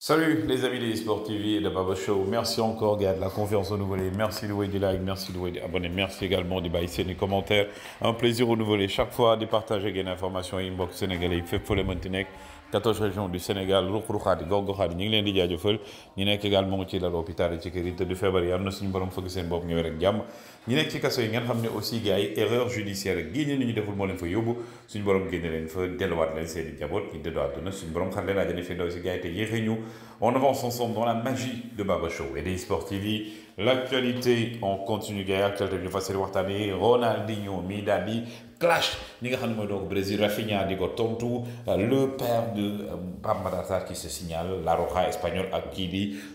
Salut les amis des Sport TV et de Baba Show. Merci encore Gad, la confiance renouvelée. Merci de des likes, merci de des abonnés. Merci également de baisser les commentaires. Un plaisir au nouveau. renouvelé chaque fois de partager des informations inbox sénégalais. Fait pour les Montenegro. 14 régions du Sénégal ruq-ruqaat yi gox-goxaat yi ñu ngi leen di jaajëfal ñi nekk également ci lal hôpital yi ci kër yi tëdd feebar yi am na suñu borom fëgg seen bopp ñëwee rek jàmm ñi nekk ci kaso yi ngeen xam ne aussi gars yi erreur judiciaire ak génne li ñu deful moo leen fa yóbbu suñu borom génne leen fa delluwaat leen seen i jaboot ñi dëddu àdduna suñu borom xar leen laajane fi ndaw si gars yi te yéexee ñu on avance ensemble dans la magie de Baba Show et des TV. L'actualité en continue guerre. de début de Wartami, Ronaldinho, Midabi, clash. Nous avons Brésil, Rafinha, Digo, Tontu, le père de euh, Pamba qui se signale, la Roja espagnole à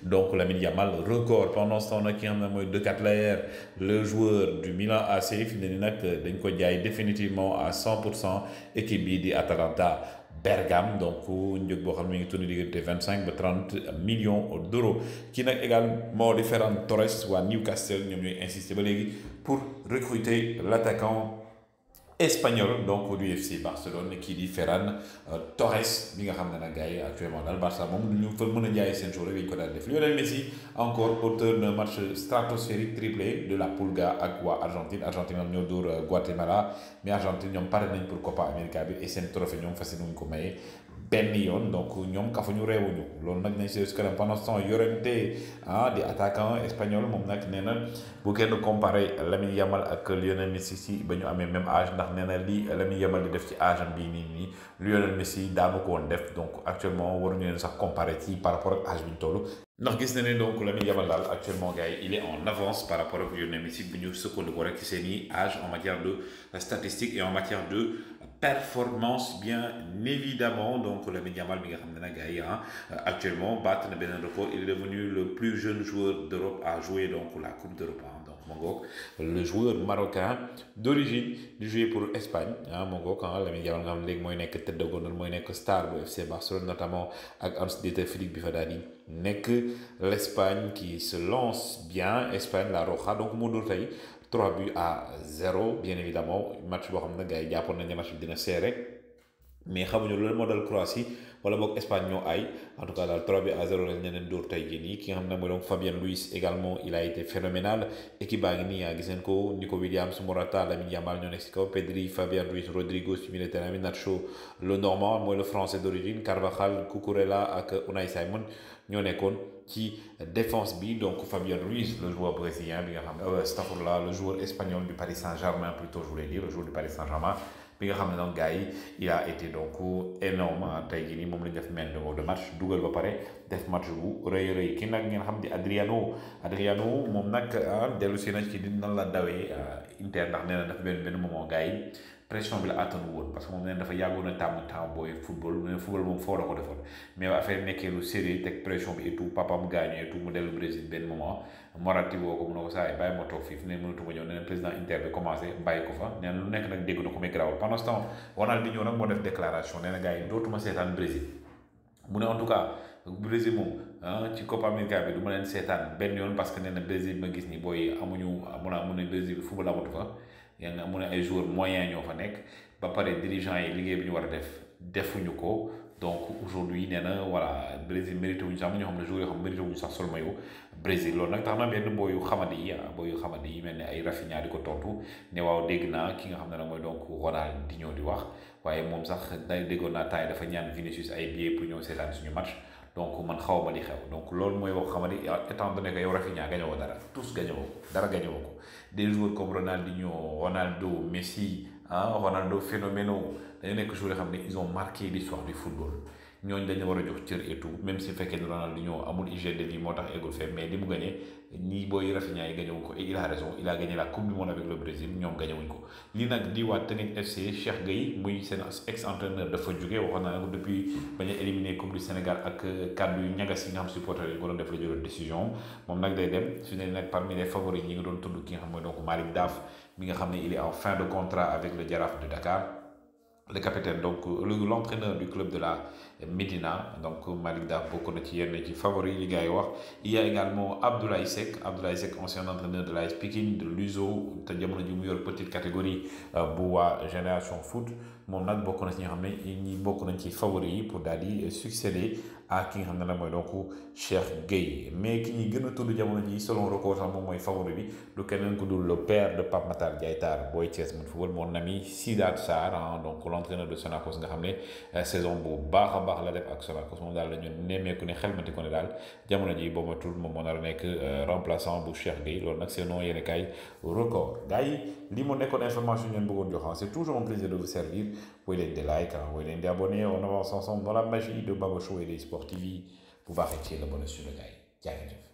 Donc la mal record. Pendant ce temps, qui a de l'air. le joueur du Milan AC, est définitivement à 100% équipe de Atalanta. Bergam, donc un avons qui a 25 à 30 millions d'euros. Qui ont également différents Torres ou à Newcastle, nous avons insisté pour recruter l'attaquant espagnol donc au FC Barcelone qui dit Ferran euh, Torres qui nga xam dans le actuellement Barça mom ñu fa mën a sen rek ko def Lionel Messi encore auteur d'un match stratosphérique triplé de la Pulga ak Argentine. Argentine Argentine ñoom ñoo dóor euh, Guatemala mais Argentine ñom parle nañ pour Copa América bi et un trophée ñom fassé ñu ko maye. benn yoon donc ñoom kafuñu réewuñu loolu nag nañ si kanam pendant ce temps Llorente ah di attaquant espagnol moom nag nee na bu kenn comparé Lamine Yamal ak Lionel Messi si ba ñu amee même âge ndax nee na lii Lamine Yamal di def ci âge am bii nii nii Lionel Messi daanu ko woon def donc actuellement waruñu leen sax comparé ci par rapport ak âge bi ñu donc actuellement il est en avance par rapport au dynamisme bi ñu sukkandiku âge en matière de statistiques et en matière de performance bien évidemment donc le Yamal hein, actuellement bat il est devenu le plus jeune joueur d'Europe à jouer donc la Coupe d'Europe hein le joueur marocain d'origine du jouer pour l'Espagne. ah Mongok, star du FC Barcelone notamment avec Hans Dieter l'Espagne qui se lance bien Espagne la Roja donc Modou 3 buts à 0 bien évidemment match mais xamuñu loolu moo dal Croatie wala bok Espagne ñoo ay en tout cas dal 3 bi à 0 lañ leen dóor tey jii ki nga xam ne donc Fabien Luis également il a été phénoménal équipe qui ngi nii yaa ah, ko Nico Williams Morata Lamine Yamal ñoo nekk si Pedri Fabien Luis Rodrigo si milieu terrain bi Nacho le normand mooy le français d'origine Carvajal Cucurella ak Unai Simon ñoo nekkoon ci défense bi donc Fabien Ruiz le joueur brésilien bi nga xam ne euh, là le joueur espagnol du Paris Saint-Germain plutôt je voulais dire le joueur du Paris Saint-Germain bi nga xam ne donc gars yi il a été donc énorme tey jii nii moom la ñu def mel ni de match dugal ba pare def match bu rëy rëy kii nag ngeen xam di Adriano Adriano moom nag ah, dellu si na ci di la dawee ah, Inter ndax nee na benn benn moment gars pression bi la àttan woon parce que moom nee dafa yàggoon a tàmm temps booy football mais football moom foo la ko defoon mais affaire nekkee lu sérieux teg pression bi et tout papa gaañu et tout mu dellu Brésil benn moment Morati woo ko mu ne ko saa yi bàyyi ma toog fii fu ne mënatu ma ñëw président Inter bi commencé bàyyi ko fa nee lu nekk nag dégg na ko mais garaawul pendant ce temps Ronaldinho nag moo def déclaration nee na gars yi dootuma seetaan Brésil mu ne en tout cas Brésil moom ah, ci Copa America bi du ma leen seetaan benn yoon parce que nee na Brésil ma gis ni booy amuñu mun a mun Brésil football amatu fa yaa nga mu ne ay joueurs moyens ñoo fa nekk ba pare dirigeant yi liggéey bi ñu war a def defuñu ko donc aujourd'hui nee na voilà Brésil mérité wuñu sax am ñoo xam ne joueurs yoo xam mérité wuñu sax sol maillot Brésil loolu nag tax na benn booyu xamante yi ah, booyu xamante yi mel ne ay Rafinha di ko tontu ne waaw dégg naa ki nga xam ne nag mooy donc Ronaldinho di wax waaye moom sax day déggoon naa temps dafa ñaan Vinicius ay billets pour ñëw seetaan suñu match donc man xaw ma li xew donc loolu mooy wax xama ni ah, étant donné que yow rafiña gañoo dara tous gañoo dara gañoo ko des joueurs comme Ronaldinho Ronaldo Messi ah Ronaldo phénoménaux dañu nekk joueurs yoo xam ne ils ont marqué l'histoire du football ñooñu dañu war a jox cër et tout même si fekkee ne Ronaldinho amul hygiène de vie moo tax eggul fee mais li mu gagné nii booy Rafinha yi gagné wuñ ko et il a raison il a gagné la coupe du monde avec le Brésil ñoom gagné wuñ ko lii nag di waa Teungueth FC Cheikh Gueye muy seen ex entraîneur dafa jóge waxoon naa ko depuis bañ a éliminé coupe du Sénégal ak kàddu yu ñagas yi nga xam supporter yi ko def la jëloon décision moom nag day dem su ne nag parmi les favoris ñi ngi doon tudd ki nga xam mooy donc Malick Daf mi nga xam ne il est en fin de contrat avec le Jaraaf de Dakar le capitaine donc l'entraîneur du club de la Médina donc Malik Daf bokk na favori de il y a également Abdoulaye sek Abdoulaye ancien entraîneur de la Pikine de l'USO cest jamono yor petite catégorie pour euh, la génération foot mon nak beaucoup de favori pour Dali et succéder ak ki nga xam ne la mooy donc Cheikh Gueye mais ki ñuy gën a tudd jamono ji selon record sax moom mooy favori bi du keneen ku dul le père de Pape Matar Diatar Boy Thiès mun football mon ami Sidat Sarr hein, donc l'entraîneur de Sonacos nga xam ne euh, saison bu baax a baax la def ak Sonacos moom daal la ñu nemmeeku ne xelmati ko ne daal jamono ji boo ma tudd moom moo nar a nekk euh, remplaçant bu Cheikh Gueye loolu nag c'est non yéen kaay record gars yi li mu nekkoon information yi ngeen bëggoon jox hein, c'est toujours un plaisir de vous servir woy leen di like hein, woy leen di abonné on avance ensemble dans la magie de Baba et des pour TV bu le sur le le